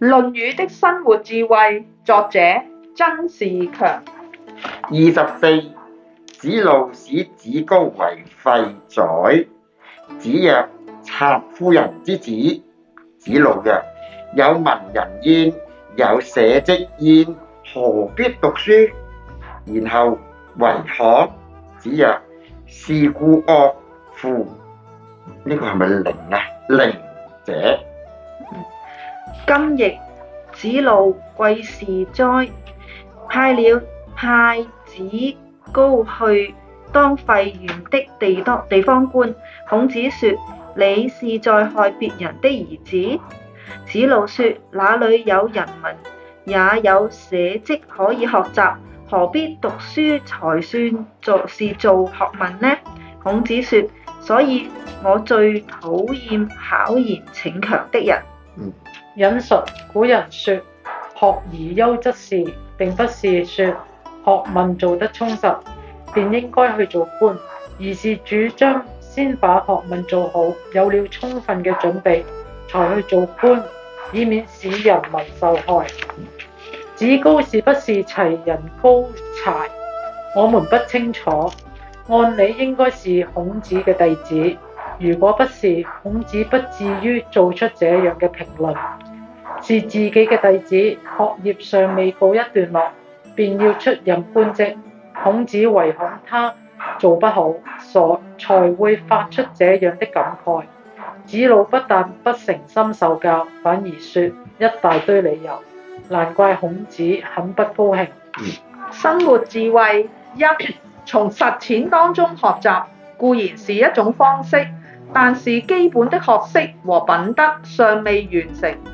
《論語》的生活智慧，作者曾仕強。二十四，子路使子高為費宰。子曰：賊夫人之子。子路曰：有民人焉，有社稷焉，何必讀書？然後為巷。子曰：是故惡夫。呢個係咪零啊？零者。今日子路貴是哉，派了派子高去當費縣的地多地方官。孔子說：你是在害別人的兒子。子路說：哪裏有人民，也有社稷可以學習，何必讀書才算做是做學問呢？孔子說：所以我最討厭巧言逞強的人。嗯引述古人說：學而優則仕，並不是說學問做得充實便應該去做官，而是主張先把學問做好，有了充分嘅準備才去做官，以免使人民受害。子高是不是齊人高柴？我們不清楚。按理應該是孔子嘅弟子。如果不是，孔子不至於做出這樣嘅評論。是自己嘅弟子，學業尚未告一段落，便要出任官職，孔子唯恐他做不好，所才會發出這樣的感慨。子路不但不誠心受教，反而說一大堆理由，難怪孔子很不高興。嗯。生活智慧一，從實踐當中學習固然是一種方式，但是基本的學識和品德尚未完成。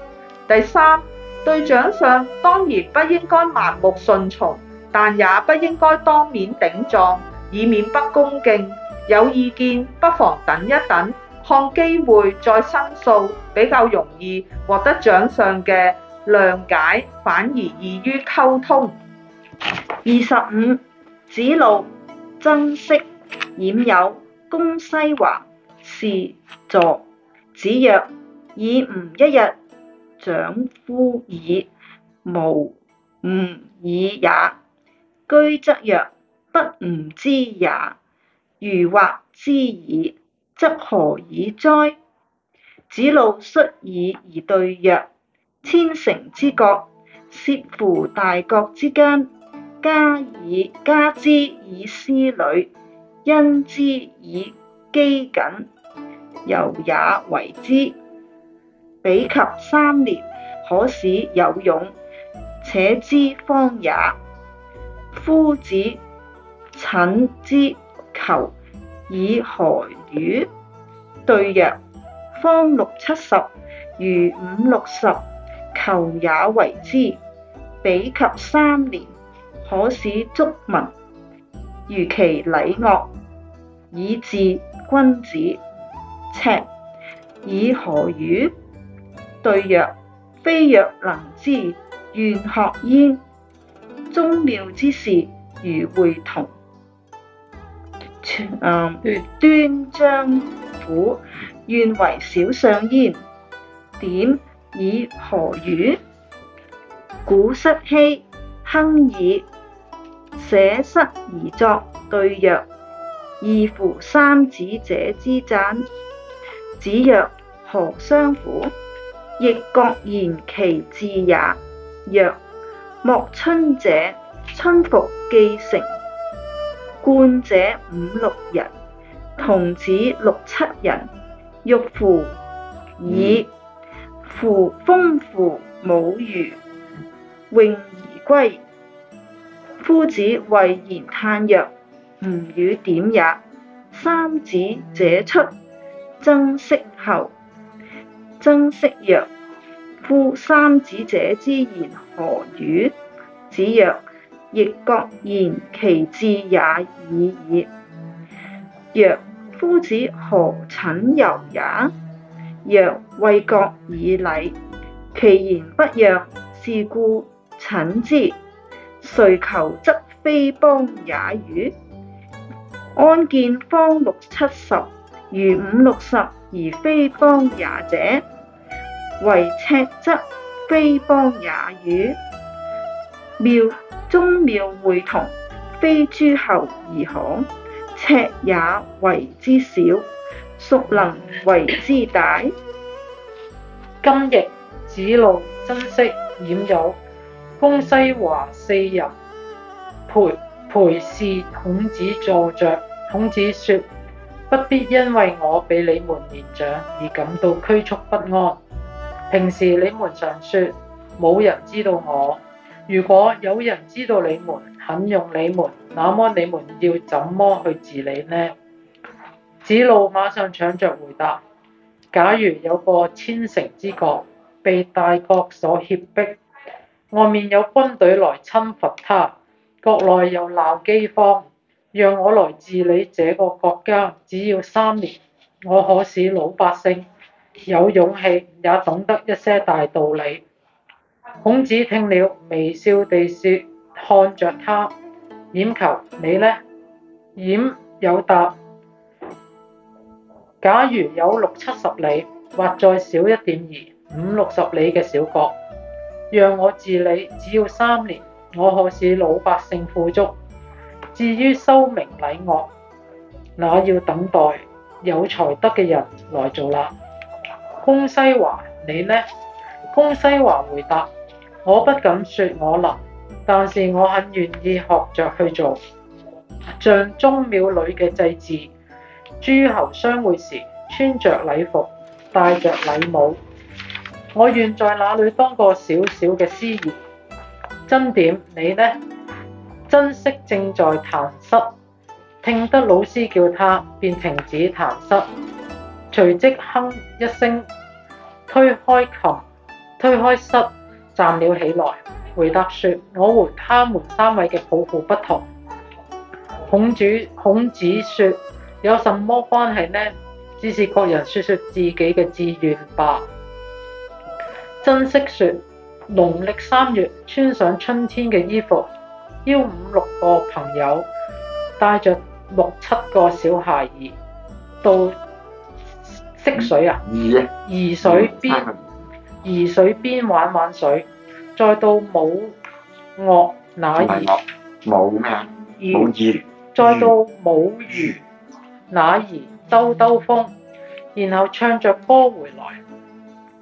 第三，對長上當然不應該盲目順從，但也不應該當面頂撞，以免不恭敬。有意見不妨等一等，看機會再申訴，比較容易獲得長上嘅諒解，反而易於溝通。二十五，子路、曾皙、冉有、公西華侍坐，子曰：以吾一日長夫以無吾以也。居則曰：不吾知也。如或之矣，則何以哉？子路率爾而對曰：千乘之國，攝乎大國之間，加以加之以師旅，因之以飢饉，由也為之。比及三年，可使有勇，且知方也。夫子哂之。求爾何如？對曰：方六七十，如五六十，求也為之。比及三年，可使足民。如其禮樂，以俟君子，赤爾何如？對曰：非若能之，願學焉。宗廟之事，如會同，嗯、端章甫，願為小相焉。點以何如？鼓瑟希，鏗爾。舍瑟而作對，對曰：異乎三子者之贊。子曰：何相乎？亦各言其志也。曰：莫春者，春服既成，冠者五六人，童子六七人，浴乎以乎風乎舞雩，詠而歸。夫子喟然嘆曰：吾與點也。三子者出，曾息後。曾皙曰：“夫三子者之言何如？”子曰：“亦各言其志也已矣。”曰：“夫子何哂由也？”曰：“為國以禮，其言不讓，是故哂之。遂求則非邦也與？安見方六七十如五六十？”而非邦也者，為赤則非邦也與？廟宗廟會同，非諸侯而何，赤也為之小，孰能為之大？今日子路、曾皙、冉有、公西華四人陪陪侍孔子坐着，孔子說。不必因為我比你們年長而感到拘束不安。平時你們常說，冇人知道我。如果有人知道你們，肯用你們，那麼你們要怎麼去治理呢？子路馬上搶着回答：假如有個千乘之國，被大國所脅迫，外面有軍隊來侵伐他，國內又鬧饑荒。讓我來治理這個國家，只要三年。我可使老百姓，有勇氣，也懂得一些大道理。孔子聽了，微笑地説，看着他，冉求，你呢？冉有答：假如有六七十里，或再少一點兒，五六十里嘅小國，讓我治理，只要三年，我可使老百姓富足。至於修明禮樂，那要等待有才德嘅人來做啦。公西華，你呢？公西華回答，我不敢說我能，但是我很願意學着去做。像宗廟裏嘅祭祀，諸侯相會時，穿着禮服，戴着禮帽。我願在那裏當個小小嘅司儀。曾點，你呢？曾皙正在彈瑟，聽得老師叫他，便停止彈瑟，隨即哼一聲，推開琴，推開瑟，站了起來回答說，我和他們三位嘅抱負不同。孔子孔子說，有什麼關係呢？只是各人說說自己嘅志願吧。曾皙說，農曆三月，穿上春天嘅衣服。幺五六個朋友，帶着六七個小孩兒到溪水啊，沂水邊沂水邊玩玩水，再到舞樂那兒，舞咩啊？舞雩，再到舞雩那兒兜兜風，然後唱着歌回來。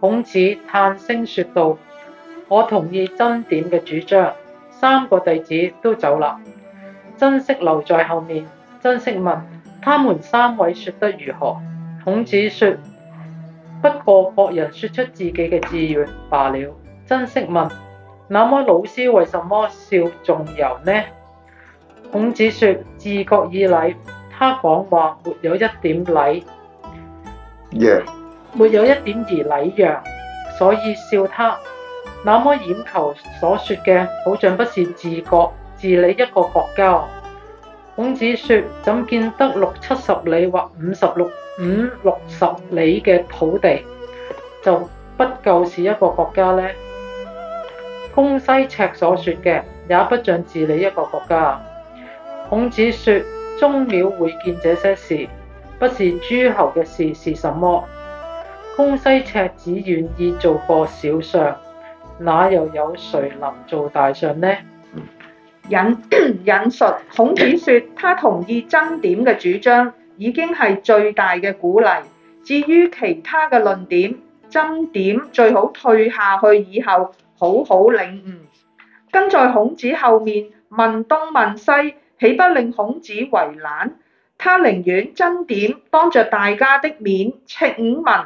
孔子嘆聲說道：，我同意曾點嘅主張。三個弟子都走啦，曾皙留在後面。曾皙問：他們三位説得如何？孔子說：不過各人説出自己嘅志願罷了。曾皙問：那麼老師為什麼笑仲由呢？孔子說：自覺以禮，他講話沒有一點禮，yeah. 沒有一點而禮讓，所以笑他。那麼冉求所說嘅，好像不是治國治理一個國家。孔子說：怎見得六七十里或五十六五六十里嘅土地就不夠是一個國家呢？公西赤所說嘅，也不像治理一個國家。孔子說：宗廟會見這些事，不是諸侯嘅事是什麼？公西赤只願意做個小相。那又有，有誰能做大臣呢？引引述孔子說：他同意曾點嘅主張，已經係最大嘅鼓勵。至於其他嘅論點，曾點最好退下去以後，好好領悟。跟在孔子後面問東問西，豈不令孔子為難？他寧願曾點，當着大家的面請問。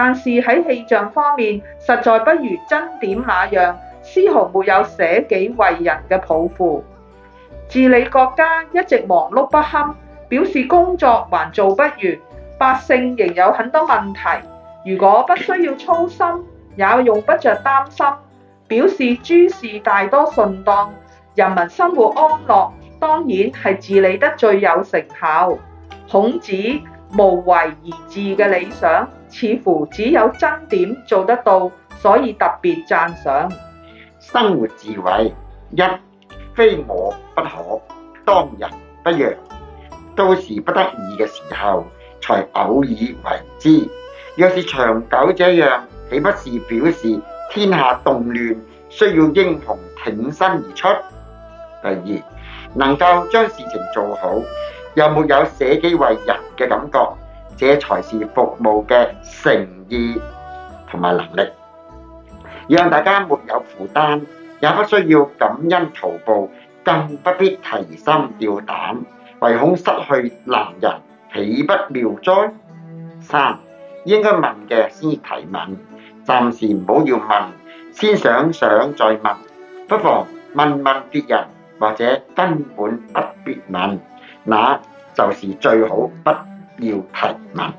但是喺氣象方面，實在不如真點那樣，絲毫沒有捨己為人嘅抱負。治理國家一直忙碌不堪，表示工作還做不完，百姓仍有很多問題。如果不需要操心，也用不着擔心，表示諸事大多順當，人民生活安樂。當然係治理得最有成效。孔子。無為而治嘅理想，似乎只有曾點做得到，所以特別讚賞。生活智慧一，非我不可，當仁不讓，都是不得已嘅時候，才偶爾為之。若是長久這樣，豈不是表示天下動亂，需要英雄挺身而出？第二，能夠將事情做好。有沒有捨己為人嘅感覺，這才是服務嘅誠意同埋能力，讓大家沒有負擔，也不需要感恩圖報，更不必提心吊膽，唯恐失去難人，豈不妙哉？三、應該問嘅先提問，暫時唔好要問，先想想再問，不妨問問別人，或者根本不必問。那就是最好不要提問。